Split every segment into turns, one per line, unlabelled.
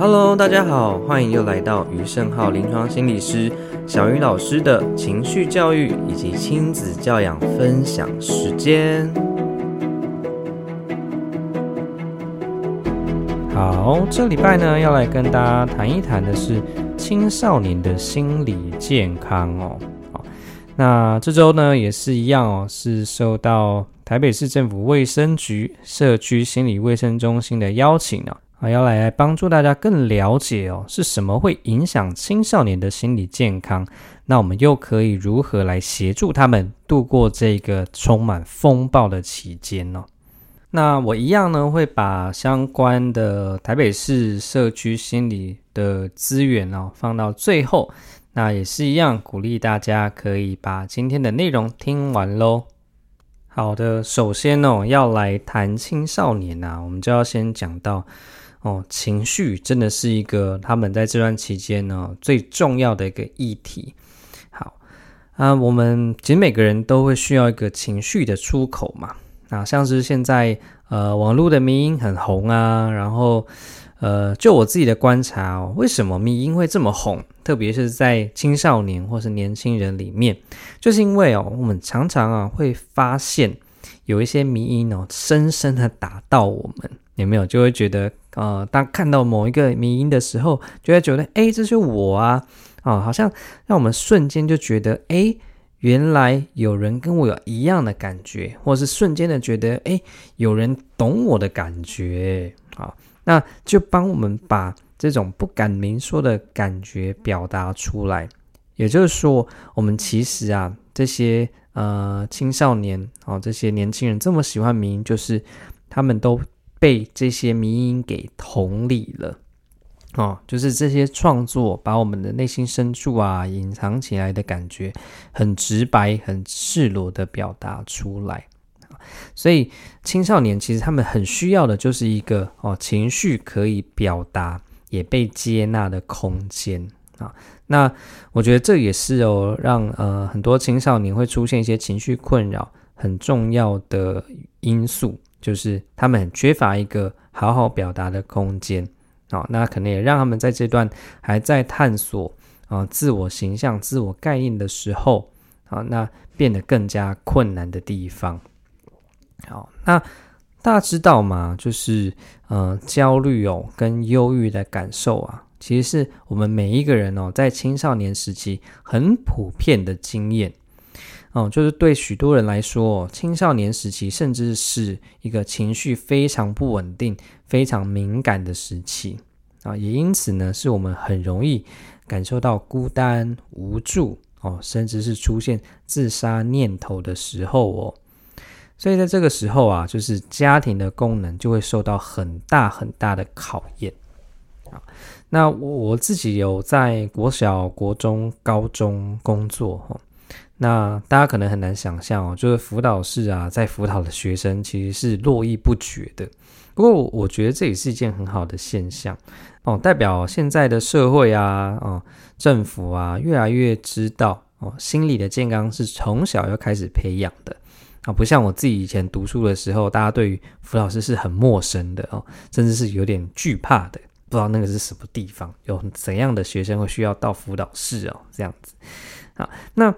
Hello，大家好，歡迎又來到余勝皓臨床心理師小魚老師的情緒教育以及親子教養分享時間。好，這禮拜呢，要來跟大家談一談的是青少年的心理健康哦。那這週呢，也是一樣哦，是受到台北市政府衛生局社區心理衛生中心的邀請呢、哦。啊、要來，來幫助大家更了解哦，是什麼會影響青少年的心理健康？那我們又可以如何來協助他們度過這個充滿風暴的期間呢、哦？那我一樣呢，會把相關的台北市社區心理的資源哦放到最後。那也是一樣，鼓勵大家可以把今天的內容聽完嘍。好的，首先呢、哦，要來談青少年啊，我們就要先講到。哦，情緒真的是一個他們在這段期間呢、哦、最重要的一個議題。好，啊，我們其實每個人都會需要一個情緒的出口嘛。啊，像是現在呃，網絡的迷因很紅啊，然後呃，就我自己的觀察哦，為什麼迷因會這麼紅？特別是在青少年或是年輕人裡面，就是因為哦，我們常常啊會發現有一些迷因哦，深深的打到我們，有沒有？就會覺得。啊、呃，當看到某一個迷因的時候，就會覺得，哎，這是我啊，啊、哦，好像讓我們瞬間就覺得，哎，原來有人跟我有一樣的感覺，或是瞬間的覺得，哎，有人懂我的感覺，好，那就幫我們把這種不敢明說的感覺表達出來。也就是說，我們其實啊，這些呃青少年啊、哦，這些年輕人這麼喜歡迷因，就是他們都。被這些迷因給同理了哦，就是這些創作把我們的內心深處啊隱藏起來的感覺，很直白、很赤裸的表達出來。所以青少年其實他們很需要的就是一個哦情緒可以表達也被接納的空間啊、哦。那我覺得這也是哦讓呃很多青少年會出現一些情緒困擾很重要的因素。就是他們很缺乏一個好好表達的空間，好，那可能也讓他們在這段還在探索啊、呃、自我形象、自我概念的時候，啊，那變得更加困難的地方。好，那大家知道嗎？就是呃，焦慮哦跟憂鬱的感受啊，其實是我們每一個人哦在青少年時期很普遍的經驗。哦，就是對許多人來說，青少年時期甚至是一個情緒非常不穩定、非常敏感的時期啊、哦，也因此呢，是我們很容易感受到孤單無助哦，甚至是出現自殺念頭的時候哦。所以在這個時候啊，就是家庭的功能就會受到很大很大的考驗，哦，那我，我自己有在國小、國中、高中工作，哦那大家可能很難想象哦，就是輔導室啊，在輔導的學生其實是絡繹不絕的。不過，我覺得這也是一件很好的現象哦，代表現在的社會啊，哦，政府啊，越來越知道哦，心理的健康是從小要開始培養的啊。不像我自己以前讀書的時候，大家對於輔導室是很陌生的哦，甚至是有點懼怕的，不知道那個是什麼地方，有怎樣的學生會需要到輔導室哦，這樣子。好，那。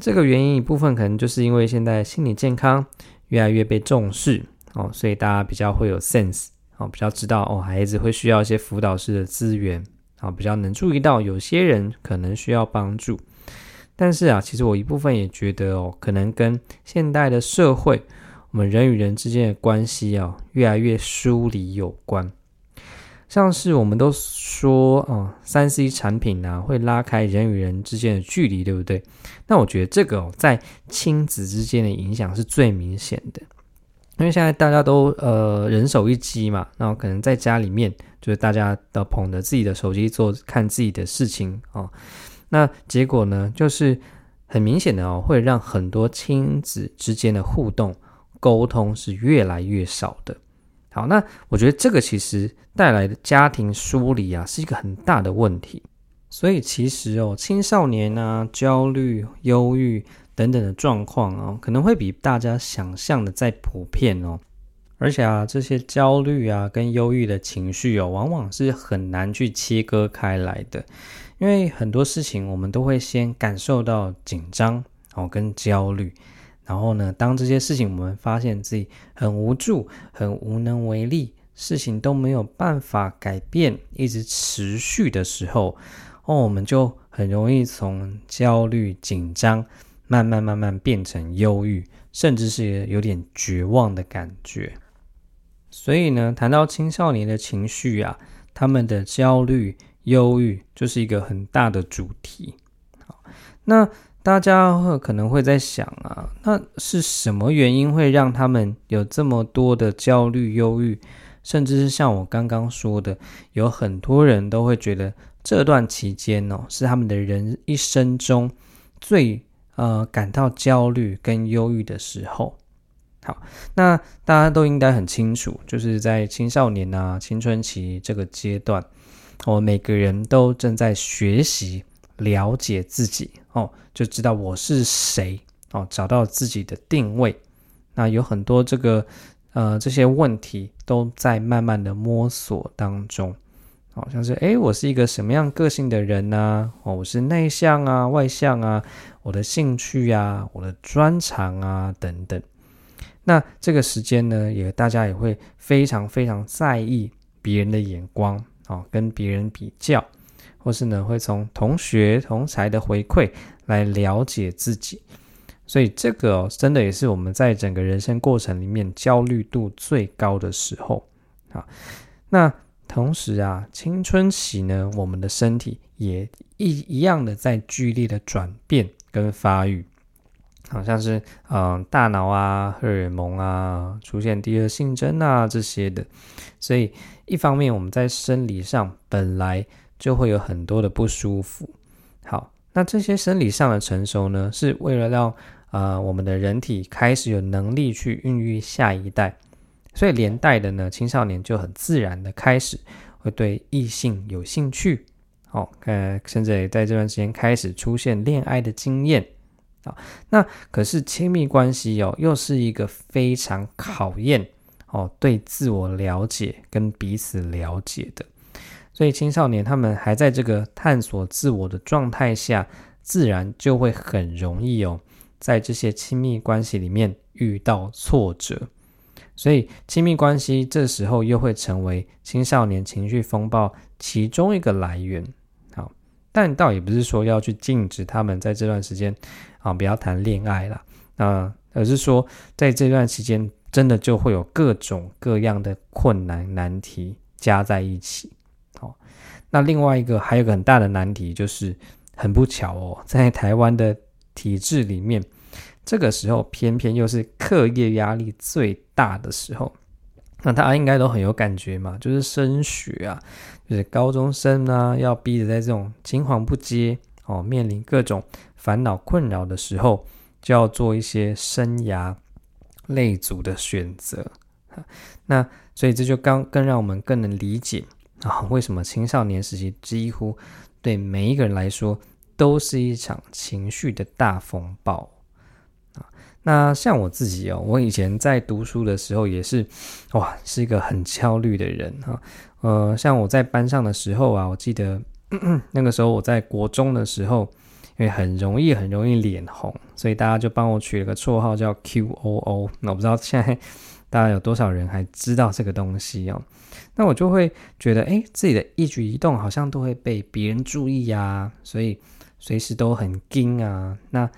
這個原因，一部分可能就是因為現在心理健康越來越被重視哦，所以大家比較會有 sense 哦，比較知道哦，孩子會需要一些輔導式的資源啊、哦，比較能注意到有些人可能需要幫助。但是啊，其實我一部分也覺得哦，可能跟現代的社會，我們人與人之間的關係啊、哦，越來越疏離有關。像是我們都說啊，三 C 產品呢、啊、會拉開人與人之間的距離，對不對？那我覺得這個、哦、在親子之間的影響是最明顯的，因為現在大家都呃人手一機嘛，然後可能在家裡面就是大家都捧着自己的手機做看自己的事情啊、哦，那結果呢，就是很明顯的哦，會讓很多親子之間的互動溝通是越來越少的。好，那我覺得這個其實帶來的家庭疏離啊，是一個很大的問題。所以其實哦，青少年啊，焦慮、憂鬱等等的狀況啊、哦，可能會比大家想象的再普遍哦。而且啊，這些焦慮啊跟憂鬱的情緒哦，往往是很難去切割開來的，因為很多事情我們都會先感受到緊張哦跟焦慮。然後呢，當這些事情我們發現自己很無助、很無能為力，事情都沒有辦法改變，一直持續的時候，哦，我們就很容易從焦慮、緊張，慢慢、慢慢變成憂鬱，甚至是有點絕望的感覺。所以呢，談到青少年的情緒啊，他們的焦慮、憂鬱，就是一個很大的主題。好，那。大家會可能會在想啊，那是什麼原因會讓他們有這麼多的焦慮、憂鬱，甚至是像我剛剛說的，有很多人都會覺得這段期間哦，是他們的人一生中最呃感到焦慮跟憂鬱的時候。好，那大家都應該很清楚，就是在青少年啊、青春期這個階段，我們每個人都正在學習。了解自己哦，就知道我是誰哦，找到自己的定位。那有很多這個呃，這些問題都在慢慢的摸索當中。好、哦、像是哎，我是一個什麼樣個性的人呢？啊。哦，我是內向啊，外向啊，我的興趣啊，我的專長啊，等等。那這個時間呢，也大家也會非常非常在意別人的眼光哦，跟別人比較。或是呢，會從同學同儕的回饋來了解自己，所以這個哦，真的也是我們在整個人生過程裡面焦慮度最高的時候。那同時啊，青春期呢，我們的身體也一一樣的在劇烈的轉變跟發育，好像是呃，大腦啊、荷爾蒙啊、出現第二性徵啊這些的。所以一方面我們在生理上本來。就會有很多的不舒服。好，那這些生理上的成熟呢，是為了讓呃，我們的人體開始有能力去孕育下一代，所以連帶的呢，青少年就很自然的開始會對異性有興趣。哦，呃，甚至也在這段時間開始出現戀愛的經驗。哦，那可是親密關係哦，又是一個非常考驗哦，對自我了解跟彼此了解的。所以青少年他們還在這個探索自我的狀態下，自然就會很容易哦，在這些親密關係裡面遇到挫折，所以親密關係這時候又會成為青少年情緒風暴其中一個來源。好，但倒也不是說要去禁止他們在這段時間啊不要談戀愛啦，啊，而是說在這段時間真的就會有各種各樣的困難難題加在一起。哦，那另外一個還有個很大的難題，就是很不巧哦，在台灣的體制裡面，這個時候偏偏又是課業壓力最大的時候，那大家應該都很有感覺嘛，就是升學啊，就是高中生啊，要逼着在這種青黃不接哦，面臨各種煩惱困擾的時候，就要做一些生涯類組的選擇。那所以這就剛更讓我們更能理解。啊，為什麼青少年時期幾乎對每一個人來說都是一場情緒的大風暴？啊，那像我自己哦，我以前在讀書的時候也是，哇，是一個很焦慮的人哈，啊。呃，像我在班上的時候啊，我記得，呵呵，那個時候我在國中的時候，因為很容易很容易臉紅，所以大家就幫我取了個綽號叫 QOO，那我不知道現在。大概有多少人還知道這個東西哦？那我就會覺得，哎，自己的一舉一動好像都會被別人注意呀，所以隨時都很驚啊。那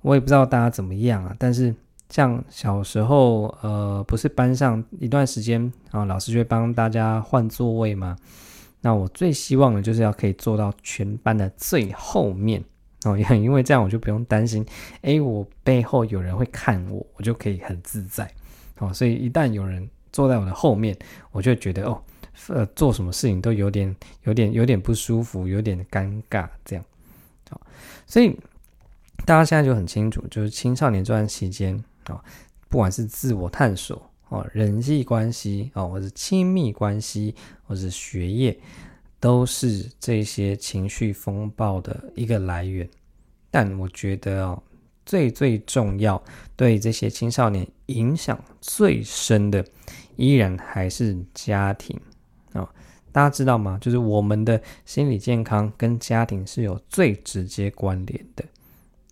我也不知道大家怎麼樣啊，但是像小時候，呃，不是班上一段時間啊，老師就會幫大家換座位嘛。那我最希望的就是要可以坐到全班的最後面，喔，因為這樣我就不用擔心，哎，我背後有人會看我，我就可以很自在。哦，所以一旦有人坐在我的後面，我就覺得哦，呃，做什麼事情都有點、有點、有點不舒服，有點尷尬這樣。哦，所以大家現在就很清楚，就是青少年這段期間啊、哦，不管是自我探索哦、人際關係哦，或者親密關係，或者學業，都是這些情緒風暴的一個來源。但我覺得哦，最最重要，對這些青少年。影響最深的，依然還是家庭哦，大家知道嗎？就是我們的心理健康跟家庭是有最直接關聯的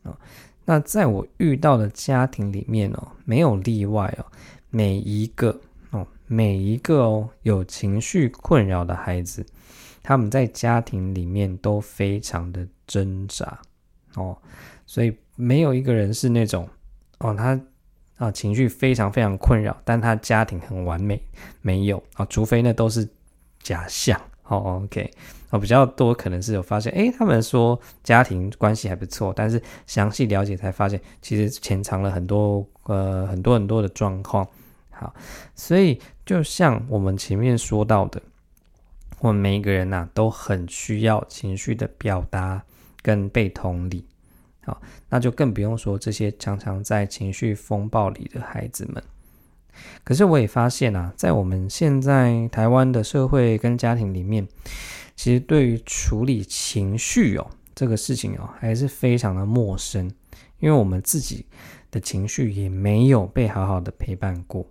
哦，那在我遇到的家庭裡面哦，沒有例外哦，每一個哦，每一個哦，有情緒困擾的孩子，他們在家庭裡面都非常的掙扎哦，所以沒有一個人是那種哦，他。啊，情緒非常非常困擾，但他家庭很完美，沒有啊，除非那都是假象。好，哦，OK，哦，啊，比較多可能是有發現，誒，他們說家庭關係還不錯，但是詳細了解才發現，其實潛藏了很多呃很多很多的狀況。好，所以就像我們前面說到的，我們每一個人吶，啊，都很需要情緒的表達跟被同理。那就更不用說這些常常在情緒風暴裡的孩子們。可是我也發現啊，在我們現在台灣的社會跟家庭裡面，其實對於處理情緒哦，這個事情哦，還是非常的陌生，因為我們自己的情緒也沒有被好好的陪伴過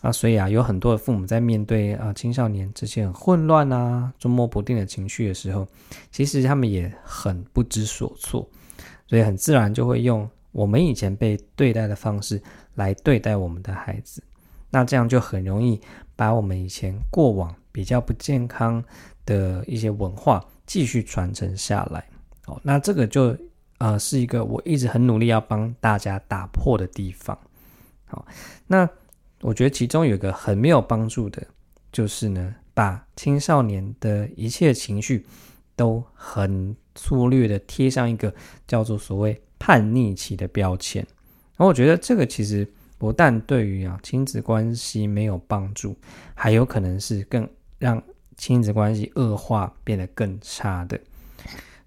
啊，所以啊，有很多的父母在面對啊青少年這些很混亂啊、捉摸不定的情緒的時候，其實他們也很不知所措。所以很自然就會用我們以前被對待的方式來對待我們的孩子，那這樣就很容易把我們以前過往比較不健康的一些文化繼續傳承下來。好，那這個就是、呃，是一個我一直很努力要幫大家打破的地方。好，那我覺得其中有一個很沒有幫助的，就是呢，把青少年的一切情緒都很粗略的貼上一個叫做所謂叛逆期的標籤，然後我覺得這個其實不但對於啊親子關係沒有幫助，還有可能是更讓親子關係惡化，變得更差的。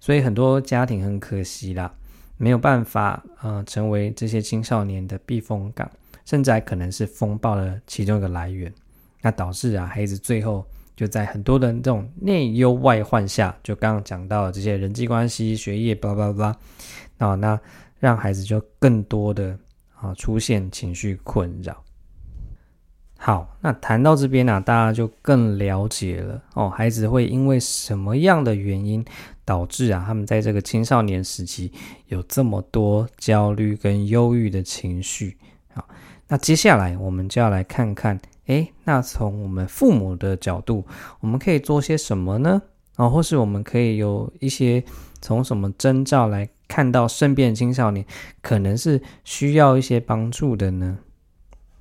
所以很多家庭很可惜啦，沒有辦法啊、呃、成為這些青少年的避風港，甚至還可能是風暴的其中一個來源，那導致啊孩子最後。就在很多人這種內憂外患下，就剛剛講到了這些人際關係、學業，叭叭叭，啊，那讓孩子就更多的啊出現情緒困擾。好，那談到這邊呢，啊，大家就更了解了哦，孩子會因為什麼樣的原因導致啊他們在這個青少年時期有這麼多焦慮跟憂鬱的情緒？好，那接下來我們就要來看看。哎，那從我們父母的角度，我們可以做些什麼呢？啊、哦，或是我們可以有一些從什麼徵兆來看到身邊的青少年可能是需要一些幫助的呢？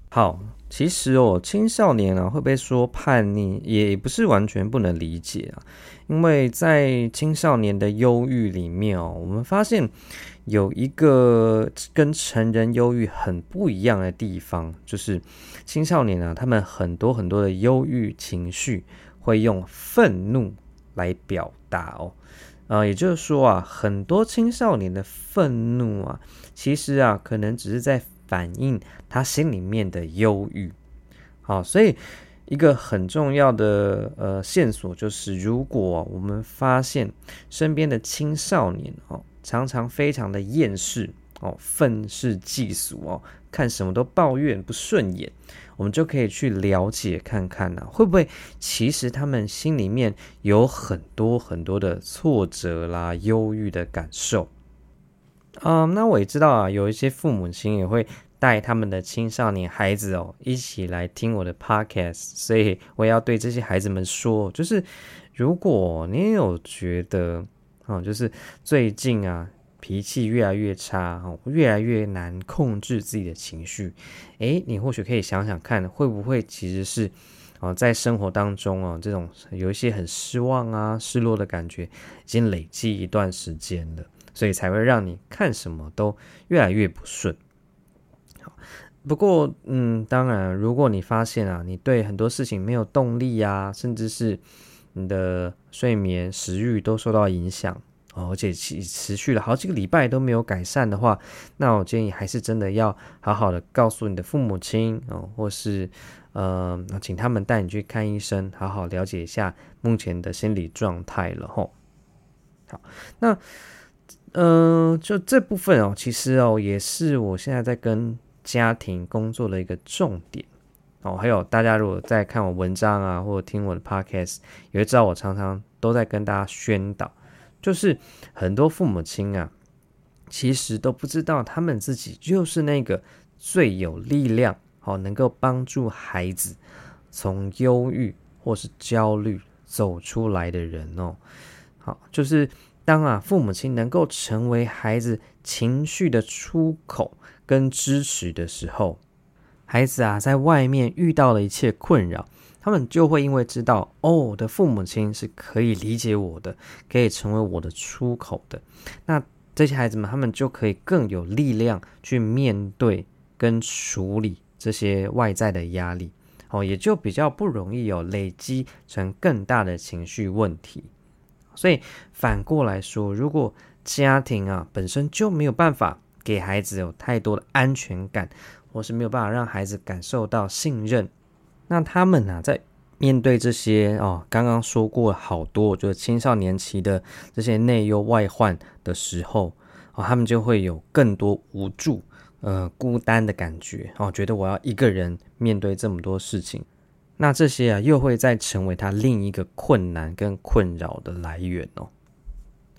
好，其實哦，青少年啊，會不會說叛逆，也不是完全不能理解啊，因為在青少年的憂鬱裡面哦，我們發現。有一個跟成人憂鬱很不一樣的地方，就是青少年啊，他們很多很多的憂鬱情緒會用憤怒來表達哦，啊、呃，也就是說啊，很多青少年的憤怒啊，其實啊，可能只是在反映他心裡面的憂鬱。好，所以一個很重要的呃線索就是，如果、啊、我們發現身邊的青少年哦、啊。常常非常的厭世哦，憤世嫉俗哦，看什麼都抱怨不順眼，我們就可以去了解看看呢，啊，會不會其實他們心裡面有很多很多的挫折啦、憂鬱的感受啊？Um, 那我也知道啊，有一些父母親也會帶他們的青少年孩子哦，一起來聽我的 podcast，所以我也要對這些孩子們說，就是如果你有覺得。哦，就是最近啊，脾氣越來越差，哦，越來越難控制自己的情緒。誒，你或許可以想想看，會不會其實是，啊、哦，在生活當中啊，這種有一些很失望啊、失落的感覺，已經累積一段時間了，所以才會讓你看什麼都越來越不順。好，不過，嗯，當然，如果你發現啊，你對很多事情沒有動力呀、啊，甚至是。你的睡眠、食慾都受到影響，哦，而且持持續了好幾個禮拜都沒有改善的話，那我建議還是真的要好好的告訴你的父母親哦，或是嗯，呃，請他們帶你去看醫生，好好了解一下目前的心理狀態了吼，哦。好，那嗯，呃，就這部分哦，其實哦，也是我現在在跟家庭工作的一個重點。哦，還有大家如果在看我文章啊，或者聽我的 podcast，也會知道我常常都在跟大家宣導，就是很多父母親啊，其實都不知道他們自己就是那個最有力量，好、哦，能夠幫助孩子從憂鬱或是焦慮走出來的人哦。好、哦，就是當啊父母親能夠成為孩子情緒的出口跟支持的時候。孩子啊，在外面遇到了一切困擾，他們就會因為知道哦，我的父母親是可以理解我的，可以成為我的出口的，那這些孩子們，他們就可以更有力量去面對跟處理這些外在的壓力，哦，也就比較不容易有、哦、累積成更大的情緒問題。所以反過來說，如果家庭啊本身就沒有辦法給孩子有、哦、太多的安全感。我是沒有辦法讓孩子感受到信任，那他們啊，在面對這些哦，剛剛說過好多，我覺得青少年期的這些內憂外患的時候，哦，他們就會有更多無助、呃，孤單的感覺哦，覺得我要一個人面對這麼多事情，那這些啊，又會再成為他另一個困難跟困擾的來源哦。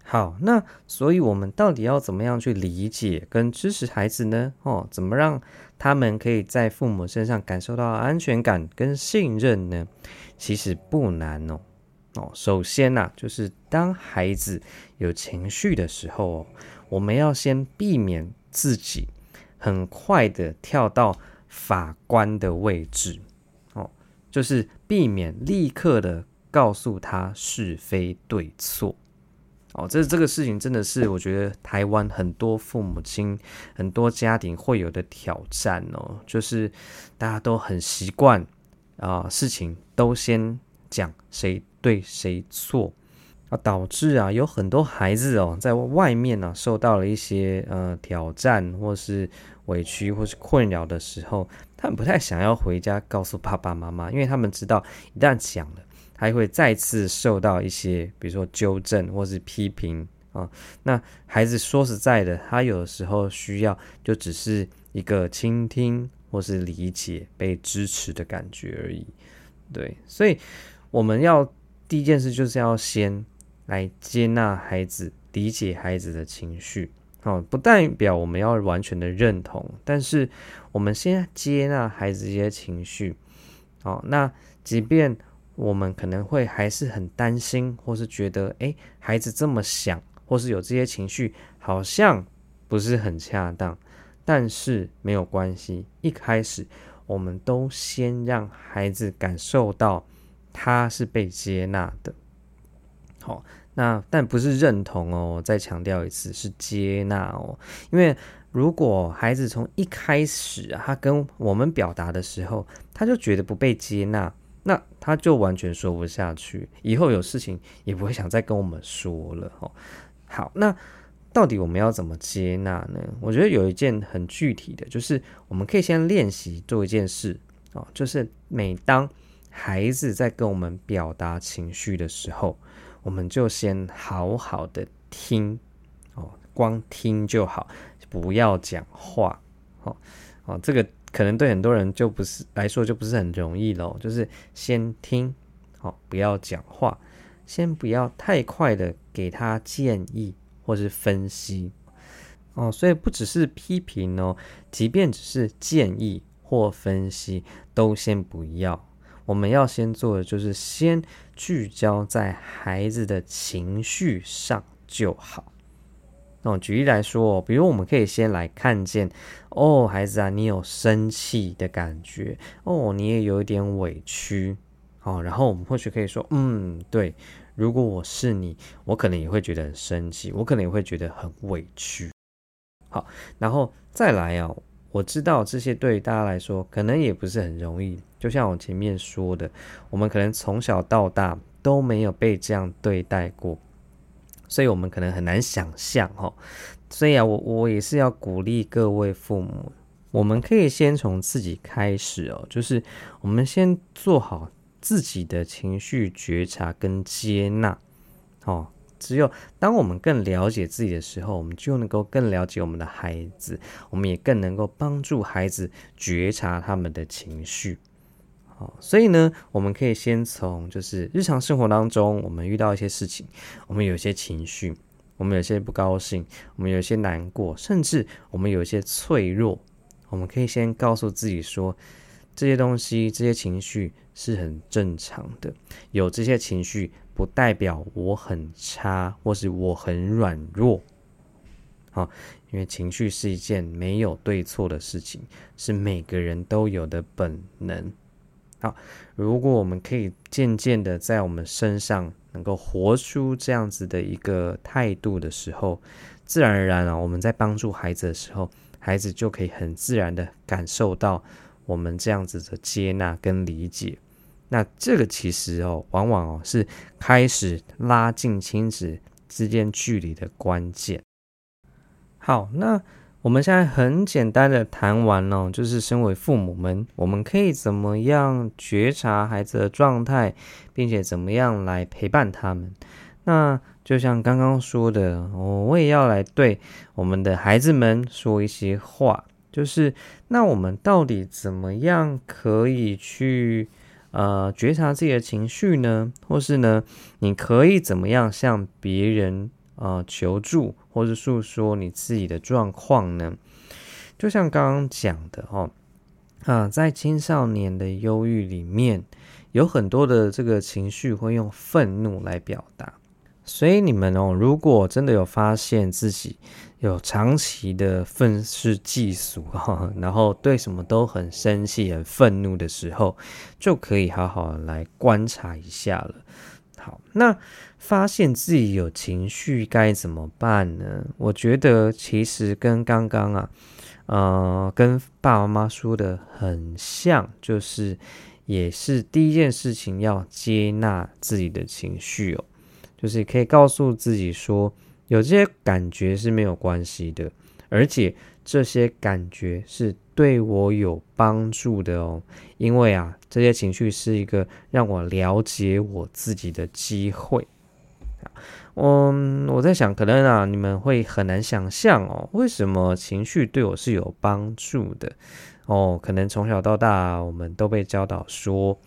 好，那所以我們到底要怎麼樣去理解跟支持孩子呢？哦，怎麼讓？他們可以在父母身上感受到安全感跟信任呢？其實不難哦哦。首先啊，就是當孩子有情緒的時候哦，我們要先避免自己很快的跳到法官的位置哦，就是避免立刻的告訴他是非對錯。哦，這這個事情真的是我覺得台灣很多父母親、很多家庭會有的挑戰哦，就是大家都很習慣啊、呃，事情都先講誰對誰錯啊，導致啊有很多孩子哦，在外面呢、啊、受到了一些呃挑戰，或是委屈，或是困擾的時候，他們不太想要回家告訴爸爸媽媽，因為他們知道一旦講了，他會再次受到一些，比如說糾正或是批評啊。那孩子說實在的，他有的時候需要就只是一個傾聽或是理解、被支持的感覺而已。對，所以我們要第一件事就是要先來接納孩子，理解孩子的情緒。哦，不代表我們要完全的認同，但是我們先接納孩子的一些情緒。哦，那即便。我們可能會還是很擔心，或是覺得哎、欸，孩子這麼想，或是有這些情緒，好像不是很恰當。但是沒有關係，一開始我們都先讓孩子感受到他是被接納的。好，那但不是認同哦，我再強調一次是接納哦，因為如果孩子從一開始、啊、他跟我們表達的時候，他就覺得不被接納。那他就完全說不下去，以後有事情也不會想再跟我們說了哦。好，那到底我們要怎麼接納呢？我覺得有一件很具體的，就是我們可以先練習做一件事哦，就是每當孩子在跟我們表達情緒的時候，我們就先好好的聽哦，光聽就好，不要講話哦。哦，這個。可能對很多人就不是來說，就不是很容易咯，哦，就是先聽，哦，不要講話，先不要太快的給他建議或是分析，哦，所以不只是批評哦，即便只是建議或分析都先不要，我們要先做的就是先聚焦在孩子的情緒上就好。舉例來說，比如我們可以先來看見，哦，孩子啊，你有生氣的感覺哦，你也有一點委屈哦。然後我們或許可以說，嗯，對，如果我是你，我可能也會覺得很生氣，我可能也會覺得很委屈。好，然後再來啊，我知道這些對於大家來說，可能也不是很容易。就像我前面說的，我們可能從小到大都沒有被這樣對待過。所以，我們可能很難想象哦，所以啊，我我也是要鼓勵各位父母，我們可以先從自己開始哦。就是我們先做好自己的情緒覺察跟接納哦。只有當我們更了解自己的時候，我們就能夠更了解我們的孩子，我們也更能夠幫助孩子覺察他們的情緒。哦，所以呢，我們可以先從就是日常生活當中，我們遇到一些事情，我們有一些情緒，我們有一些不高興，我們有一些難過，甚至我們有一些脆弱，我們可以先告訴自己說，這些東西、這些情緒是很正常的，有這些情緒不代表我很差或是我很軟弱。好，因為情緒是一件沒有對錯的事情，是每個人都有的本能。好、哦，如果我們可以漸漸的在我們身上能夠活出這樣子的一個態度的時候，自然而然啊、哦，我們在幫助孩子的時候，孩子就可以很自然的感受到我們這樣子的接納跟理解。那這個其實哦，往往哦，是開始拉近親子之間距離的關鍵。好，那。我們現在很簡單的談完了哦，就是身為父母們，我們可以怎麼樣覺察孩子的狀態，並且怎麼樣來陪伴他們。那就像剛剛說的，我也要來對我們的孩子們說一些話，就是那我們到底怎麼樣可以去呃覺察自己的情緒呢？或是呢，你可以怎麼樣向別人？啊、呃，求助或者訴說你自己的狀況呢？就像剛剛講的哦，啊、呃，在青少年的憂鬱裡面，有很多的這個情緒會用憤怒來表達。所以你們哦，如果真的有發現自己有長期的憤世嫉俗哈，然後對什麼都很生氣、很憤怒的時候，就可以好好來觀察一下了。好，那發現自己有情緒該怎麼辦呢？我覺得其實跟剛剛啊，呃，跟爸爸媽媽說的很像，就是也是第一件事情要接納自己的情緒哦，就是可以告訴自己說，有這些感覺是沒有關係的，而且這些感覺是對我有幫助的哦，因為啊，這些情緒是一個讓我了解我自己的機會。嗯，我在想，可能啊，你們會很難想象哦，為什麼情緒對我是有幫助的？哦，可能從小到大啊，我們都被教導說，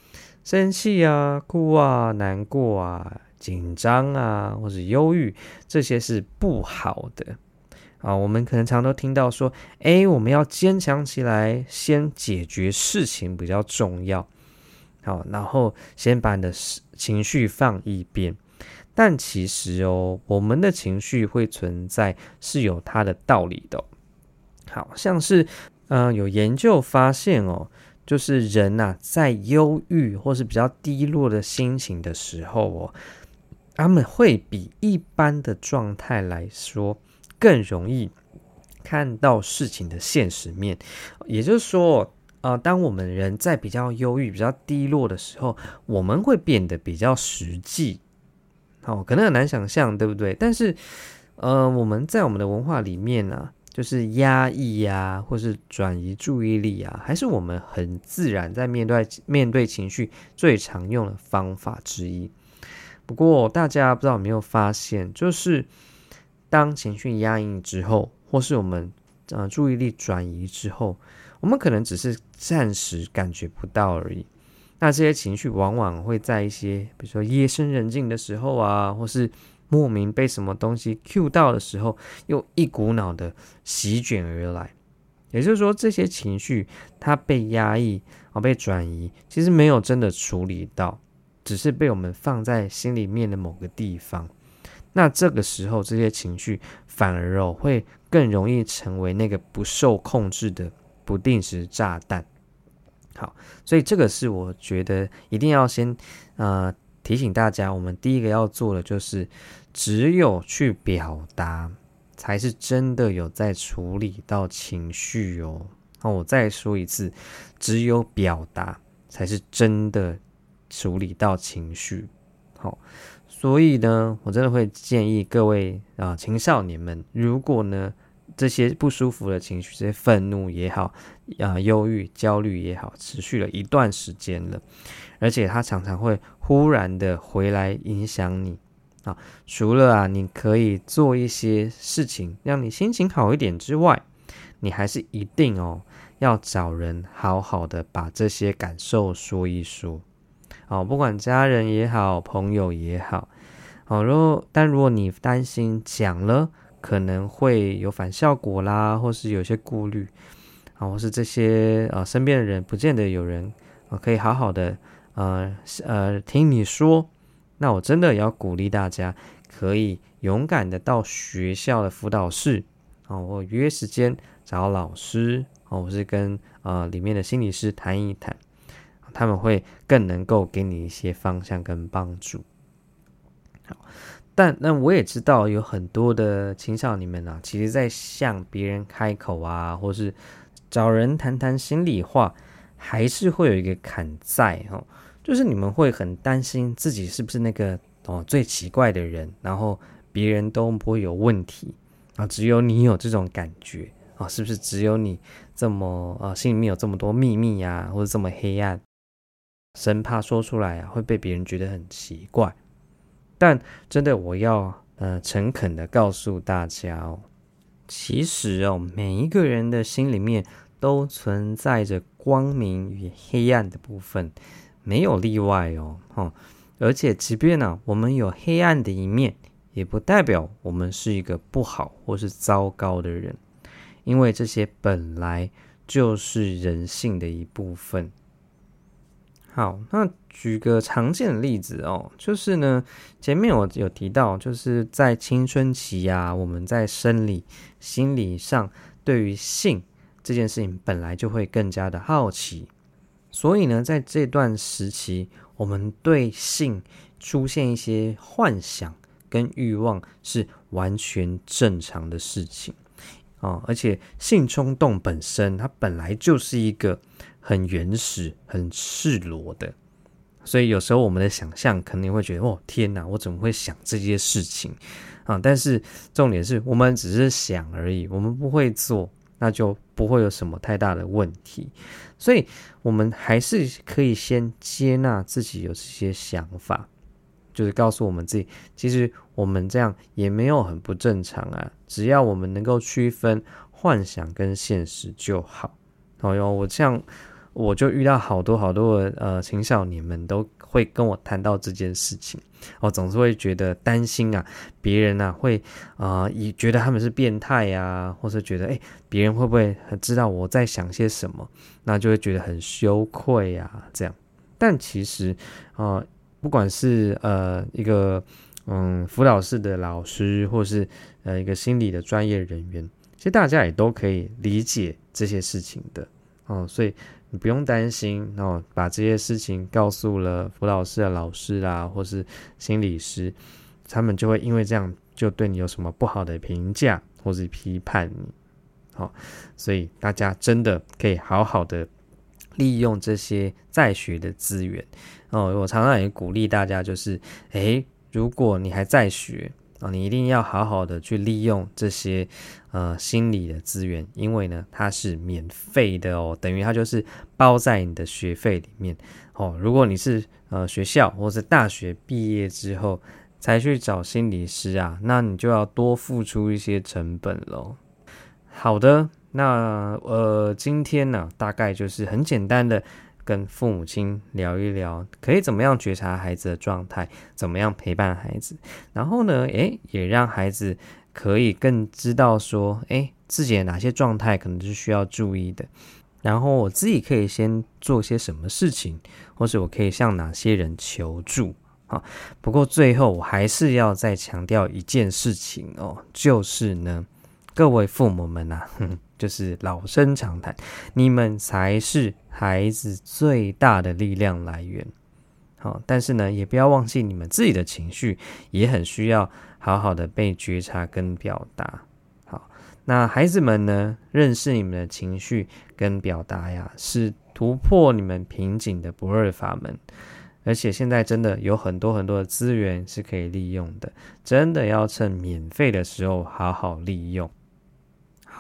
生氣啊、哭啊、難過啊、緊張啊，或是憂鬱，這些是不好的。啊，我們可能常都聽到說，誒，我們要堅強起來，先解決事情比較重要。好，然後先把你的情緒放一邊。但其實哦，我們的情緒會存在是有它的道理的，哦。好像是，嗯、呃，有研究發現哦，就是人吶、啊，在憂鬱或是比較低落的心情的時候哦，他們會比一般的狀態來說。更容易看到事情的現實面，也就是說，呃，當我們人在比較憂鬱、比較低落的時候，我們會變得比較實際。好、哦，可能很難想象，對不對？但是，呃，我們在我們的文化裡面呢、啊，就是壓抑呀、啊，或是轉移注意力啊，還是我們很自然在面對面對情緒最常用的方法之一。不過，大家不知道有沒有發現，就是。當情緒壓抑之後，或是我們呃注意力轉移之後，我們可能只是暫時感覺不到而已。那這些情緒往往會在一些，比如說夜深人靜的時候啊，或是莫名被什麼東西 cue 到的時候，又一股腦的席捲而來。也就是說，這些情緒它被壓抑啊，被轉移，其實沒有真的處理到，只是被我們放在心裡面的某個地方。那這個時候，這些情緒反而哦會更容易成為那個不受控制的不定時炸彈。好，所以這個是我覺得一定要先呃提醒大家，我們第一個要做的就是，只有去表達，才是真的有在處理到情緒哦。那我再說一次，只有表達，才是真的處理到情緒。好。所以呢，我真的會建議各位啊、呃，青少年們，如果呢，這些不舒服的情緒、這些憤怒也好，啊、呃，憂鬱、焦慮也好，持續了一段時間了，而且他常常會忽然的回來影響你啊。除了啊，你可以做一些事情讓你心情好一點之外，你還是一定哦要找人好好的把這些感受說一說。好，不管家人也好，朋友也好，好，如果，但如果你擔心講了可能會有反效果啦，或是有些顧慮，啊，或是這些啊、呃、身邊的人不見得有人啊、呃、可以好好的呃呃聽你說，那我真的要鼓勵大家可以勇敢的到學校的輔導室啊，我約時間找老師啊，或是跟啊、呃、裡面的心理師談一談。他們會更能夠給你一些方向跟幫助。好，但那我也知道有很多的青少年們啊，其實在向別人開口，啊，或是找人談談心裡話，還是會有一個坎在哦，就是你們會很擔心自己是不是那個哦最奇怪的人，然後別人都不會有問題啊，只有你有這種感覺啊，是不是只有你這麼啊、呃，心裡面有這麼多秘密呀、啊，或者這麼黑暗、啊？生怕說出來啊，會被別人覺得很奇怪，但真的，我要呃誠懇的告訴大家哦，其實哦，每一個人的心裡面都存在着光明與黑暗的部分，沒有例外哦，嗯、而且，即便呢、啊、我們有黑暗的一面，也不代表我們是一個不好或是糟糕的人，因為這些本來就是人性的一部分。好，那舉個常見的例子哦，就是呢，前面我有提到，就是在青春期呀，我們在生理、心理上對於性這件事情本來就會更加的好奇，所以呢，在這段時期，我們對性出現一些幻想跟慾望是完全正常的事情哦，而且性衝動本身它本來就是一個。很原始、很赤裸的，所以有時候我們的想象可能會覺得：“哦，天哪，我怎麼會想這些事情啊、嗯？”但是重點是我們只是想而已，我們不會做，那就不會有什麼太大的問題。所以，我們還是可以先接納自己有這些想法，就是告訴我們自己，其實我們這樣也沒有很不正常啊。只要我們能夠區分幻想跟現實就好。哦喲，我這樣。我就遇到好多好多的呃青少年們都會跟我談到這件事情，我總是會覺得擔心啊，別人啊會啊也、呃、覺得他們是變態呀、啊，或者覺得哎別、欸、人會不會知道我在想些什麼，那就會覺得很羞愧呀、啊、這樣。但其實啊、呃，不管是呃一個嗯輔導室的老師，或是呃一個心理的專業人員，其實大家也都可以理解這些事情的嗯、呃，所以。你不用擔心哦，把這些事情告訴了輔導室的老師啊，或是心理師，他們就會因為這樣就對你有什麼不好的評價或是批判你。好、哦，所以大家真的可以好好的利用這些在學的資源哦。我常常也鼓勵大家，就是，誒、欸，如果你還在學。哦，你一定要好好的去利用這些呃心理的資源，因為呢，它是免費的哦，等於它就是包在你的學費裡面哦。如果你是呃學校或者大學畢業之後才去找心理師啊，那你就要多付出一些成本嘍。好的，那呃今天呢，啊，大概就是很簡單的。跟父母親聊一聊，可以怎麼樣覺察孩子的狀態？怎麼樣陪伴孩子？然後呢，誒，也讓孩子可以更知道說，誒，自己的哪些狀態可能是需要注意的。然後我自己可以先做些什麼事情，或是我可以向哪些人求助？不過最後我還是要再強調一件事情哦，就是呢，各位父母們吶、啊，就是老生常談，你們才是。孩子最大的力量來源，好，但是呢，也不要忘記你們自己的情緒也很需要好好的被覺察跟表達。好，那孩子們呢，認識你們的情緒跟表達呀，是突破你們瓶頸的不二法門。而且現在真的有很多很多的資源是可以利用的，真的要趁免費的時候好好利用。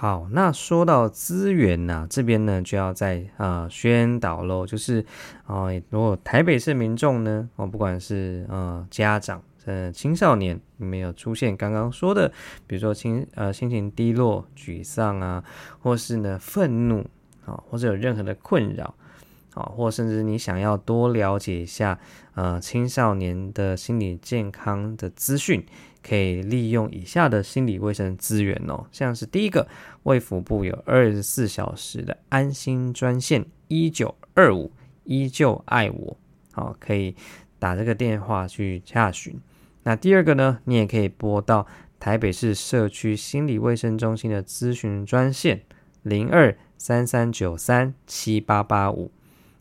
好，那說到資源呐、啊，這邊呢就要再啊、呃、宣導嘍，就是啊、呃，如果台北市民眾呢，哦，不管是啊、呃、家長、呃青少年，有沒有出現剛剛說的，比如說心呃心情低落、沮喪啊，或是呢憤怒啊、哦，或是有任何的困擾。或甚至你想要多了解一下，呃，青少年的心理健康的資訊，可以利用以下的心理衛生資源哦。像是第一個，衛福部有二十四小時的安心專線一九二五，依舊愛我，好，可以打這個電話去查詢。那第二個呢，你也可以撥到台北市社區心理衛生中心的諮詢專線零二三三九三七八八五。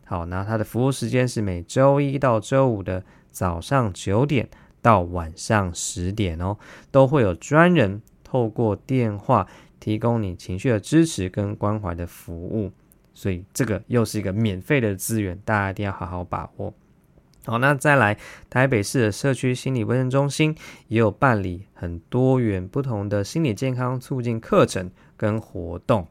好，那它的服務時間是每周一到周五的早上九點到晚上十點哦，都會有專人透過電話提供你情緒的支持跟關懷的服務，所以這個又是一個免費的資源，大家一定要好好把握。好，那再來，台北市的社區心理衛生中心也有辦理很多元不同的心理健康促進課程跟活動。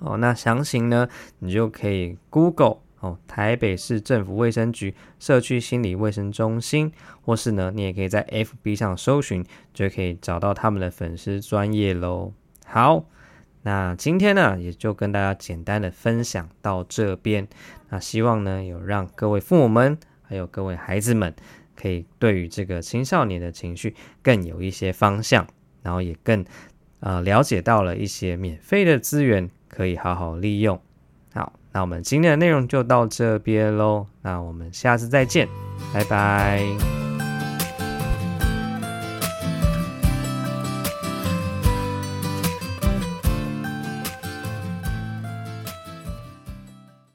哦，那詳情呢，你就可以 Google。哦，台北市政府衛生局社區心理衛生中心，或是呢，你也可以在 FB 上搜尋，就可以找到他們的粉絲專頁嘍。好，那今天呢，也就跟大家簡單的分享到這邊。那希望呢，有讓各位父母們，還有各位孩子們，可以對於這個青少年的情緒更有一些方向，然後也更呃了解到了一些免費的資源，可以好好利用。好。那我們今天的內容就到這邊嘍，那我們下次再見，拜拜。